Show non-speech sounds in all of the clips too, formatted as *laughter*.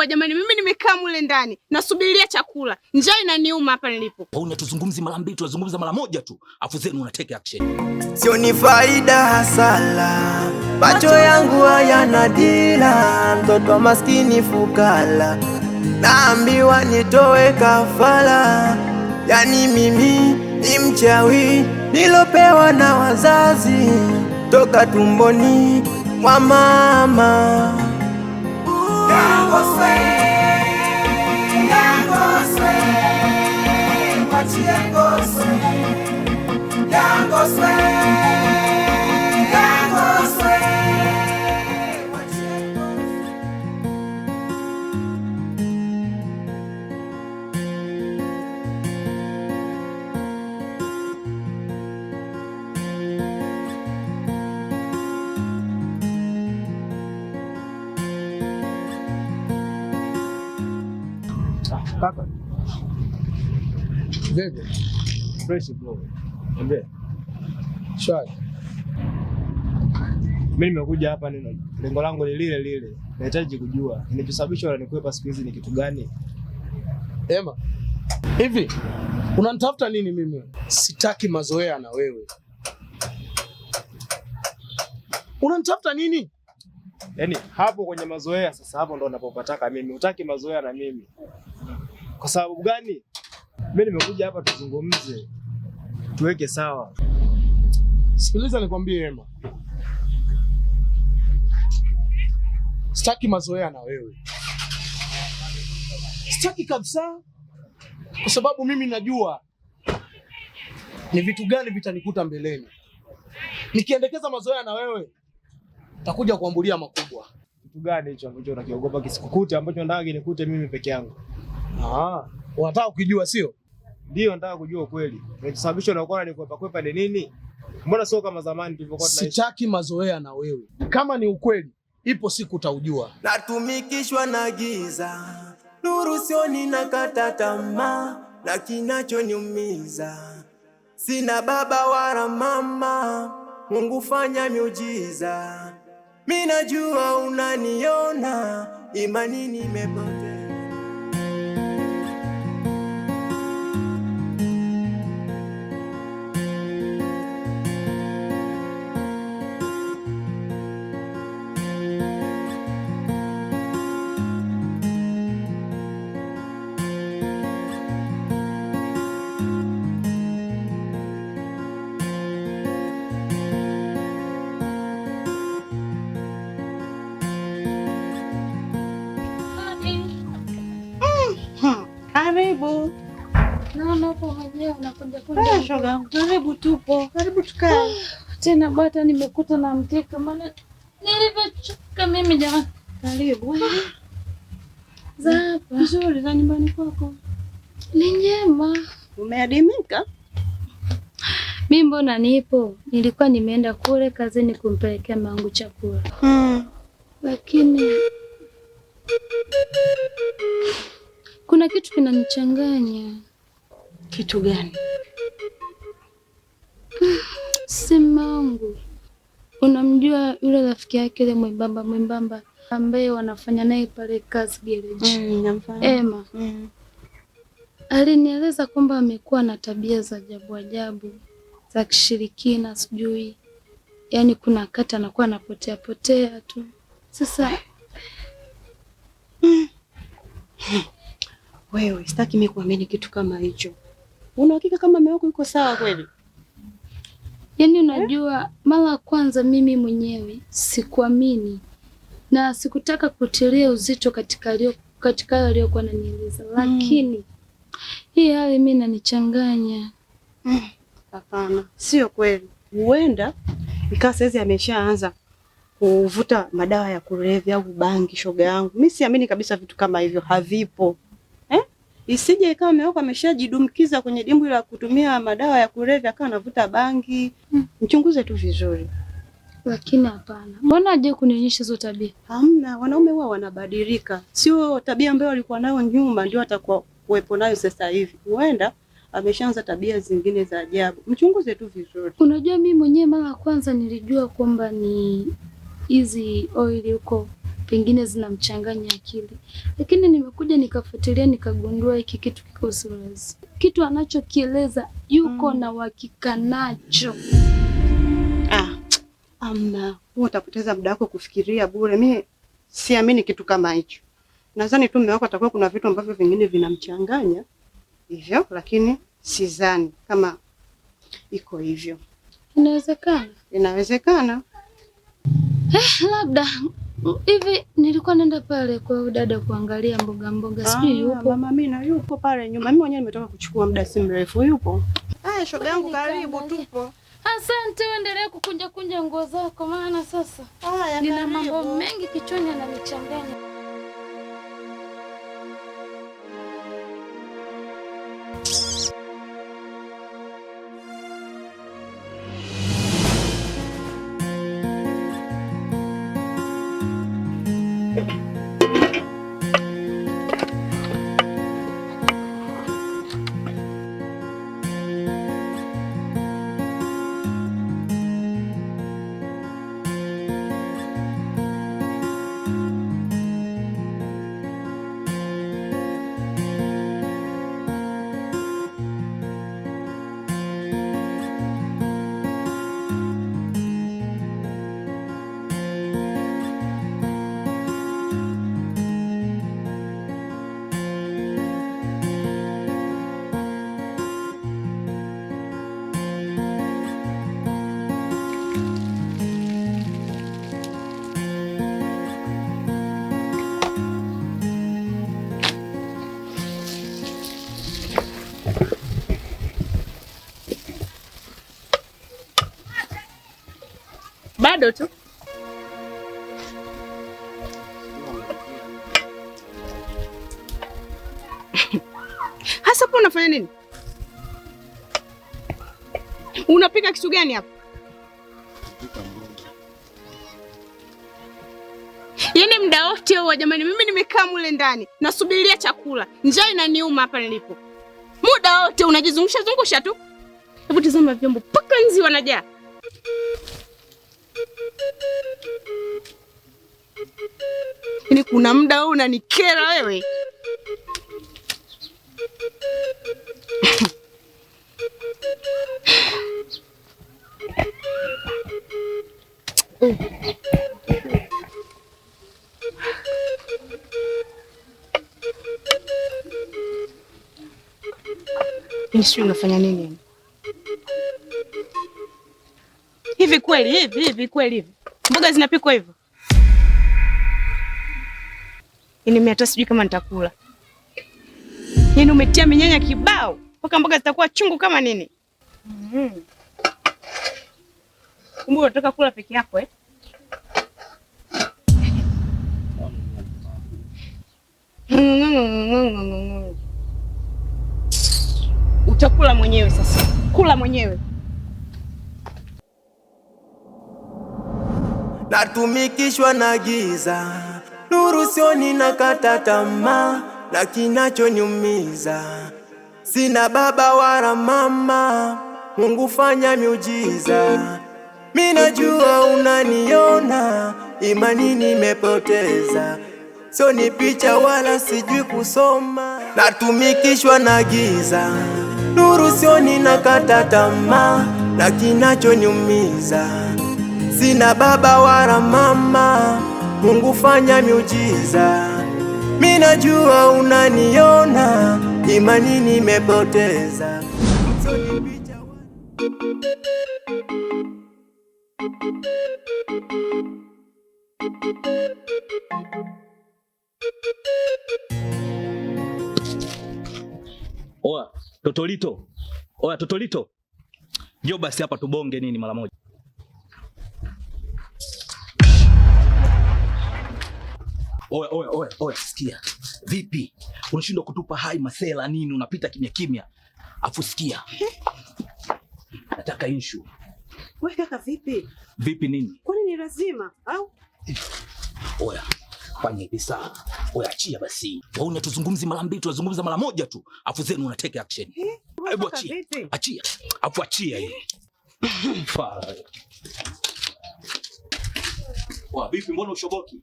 mmeua jamani. Mimi nimekaa mule ndani nasubiria chakula, njaa inaniuma hapa nilipo. Unatuzungumzi mara mbili, tunazungumza mara moja tu, afu zenu una take action. Sio ni faida hasala, macho yangu hayana dira, mtoto maskini fukala, naambiwa nitoe kafala, yani mimi ni mchawi nilopewa na wazazi toka tumboni mwa mama. Yangoswe, Yangoswe, Yangoswe. Hapa zeze fresh bro, ende shwari. Mimi nimekuja hapa, neno lengo langu ni lile lile, nahitaji kujua kinachosababisha wananikwepa siku hizi ni kitu gani? Ema, hivi unanitafuta nini? Mimi sitaki mazoea na wewe. Unanitafuta nini? Yaani hapo kwenye mazoea sasa, hapo ndo napopataka mimi. Utaki mazoea na mimi kwa sababu gani? Mimi nimekuja hapa tuzungumze, tuweke sawa. Sikiliza nikwambie, Ema, sitaki mazoea na wewe, sitaki kabisa, kwa sababu mimi najua ni vitu gani vitanikuta mbeleni. Nikiendekeza mazoea na wewe, takuja kuambulia makubwa. Kitu gani hicho ambacho unakiogopa kisikukute, ambacho nataka kinikute mimi peke yangu? Ah, unataka kujua sio? Ndio, nataka kujua ukweli. Kinachosababisha unakuwa unanikwepa kwepa ni nini? Mbona sio kama zamani tulivyokuwa tunaishi? Sitaki mazoea na wewe. Kama ni ukweli, ipo siku utaujua. Natumikishwa na giza, nuru sio ninakata tamaa na kinachoniumiza, sina baba wala mama. Mungu fanya miujiza, mimi najua unaniona, imani nimepotea. shoga, karibu tupo, karibu tukae tena. Bata nimekuta na mkeka, maana nilivyochoka mimi jamani. Karibu za za nyumbani kwako ni njema? Umeadimika? Mi mbona nipo, nilikuwa nimeenda kule kazini kumpelekea mangu chakula hmm. Lakini kuna kitu kinanichanganya kitu gani? *sighs* simangu unamjua yule rafiki yake yule mwembamba mwembamba ambaye wanafanya naye pale kazi gereji? Mm, Ema mm. Alinieleza kwamba amekuwa na tabia za ajabu ajabu za kishirikina, sijui yaani, kuna wakati anakuwa anapotea potea tu. Sasa mm. *laughs* Wewe sitaki mimi kuamini kitu kama hicho Una hakika kama mewako yuko sawa kweli? Yaani eh? unajua eh? Mara kwanza mimi mwenyewe sikuamini na sikutaka kutilia uzito katika lio, katika hayo aliyokuwa ananieleza, mm. lakini hii hali mimi inanichanganya. Mm. Hapana mm. sio kweli, huenda ikawa saizi ameshaanza kuvuta madawa ya kulevya au bangi. Shoga yangu, mimi siamini kabisa vitu kama hivyo havipo isije ikawa mume wako ameshajidumkiza kwenye dimbwi la kutumia madawa ya kulevya akawa anavuta bangi. Hmm. Mchunguze tu vizuri. Lakini hapana, mbona aje kunionyesha hizo tabia? Hamna, wanaume huwa wanabadilika, sio tabia ambayo walikuwa nayo nyuma ndio atakuwa kuwepo nayo sasa hivi. Huenda ameshaanza tabia zingine za ajabu. Mchunguze tu vizuri. Unajua, mimi mwenyewe mara ya kwanza nilijua kwamba ni hizi oili huko pengine zinamchanganya akili, lakini nimekuja nikafuatilia, nikagundua hiki kitu kiko silazi. Kitu anachokieleza yuko mm. na uhakika nacho. Ah, amna, huo utapoteza muda wako kufikiria bure. Mimi siamini kitu kama hicho. Nadhani tu mmewako wako atakuwa kuna vitu ambavyo vingine vinamchanganya hivyo, lakini sidhani kama iko hivyo. Inawezekana, inawezekana eh, labda hivi nilikuwa naenda pale kwa dada kuangalia mboga mboga, ah, sijui yupo mama Mina. Yupo pale nyuma, mimi mwenyewe nimetoka kuchukua muda si mrefu, yupo. Haya, shoga yangu, karibu, tupo. Asante, uendelee kukunja kunja nguo zako, maana sasa nina mambo mengi kichwani yananichanganya. bado tu *laughs* hasa. Hapo unafanya nini? Unapika kitu gani hapa? Yaani muda wote huo jamani, mimi nimekaa mule ndani nasubiria chakula, njaa inaniuma hapa nilipo. Muda wote unajizungusha zungusha tu. Hebu tazama vyombo mpaka nzi wanajaa. Yaani kuna muda wewe unanikera wewe. Sijui unafanya nini hivi kweli, hivi hivi kweli hivi Mboga zinapikwa hivyo? Yaani mimi hata sijui kama nitakula. Yaani umetia minyanya kibao mpaka mboga zitakuwa chungu kama nini? Mm -hmm. Kumbe unataka kula peke yako eh? Utakula mwenyewe sasa. Kula mwenyewe. natumikishwa na giza, nuru sioni, na kata tamaa na kinachonyumiza, sina baba wala mama. Mungu fanya miujiza, minajua unaniona, imani nimepoteza, ni picha wala sijui kusoma, natumikishwa na giza, nuru sioni, na kata tamaa na kinachonyumiza Sina baba wala mama, Mungu fanya miujiza. Mimi najua unaniona, imani nimepoteza. Oya Totolito, oya Totolito, njoo basi hapa tubonge nini mara moja. Oe, oe, oe, oe, sikia. Vipi? Unashindwa kutupa hai masela nini? Unapita kimya kimya. Afu sikia. *laughs* Nataka inshu. Wewe kaka vipi? Vipi nini? Kwani ni lazima au? Oya, fanya hivi sasa. Oya, achia basi. Wewe unatuzungumzi mara mbili, tuzungumza mara moja tu. Afu zenu una take action. Hebu achia. Achia. Afu achia hii. *laughs* Fa. Wa vipi, mbona ushoboki?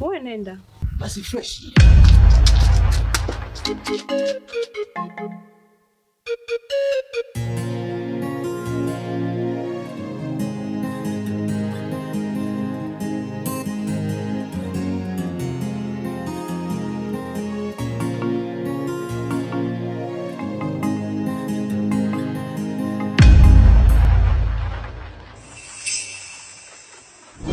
Wewe nenda basi fresh.